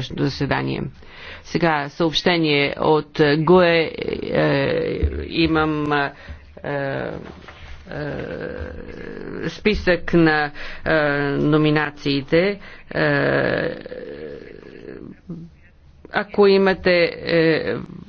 утрешното заседание. Сега съобщение от ГОЕ е, имам е, е, списък на е, номинациите. Е, ако имате е,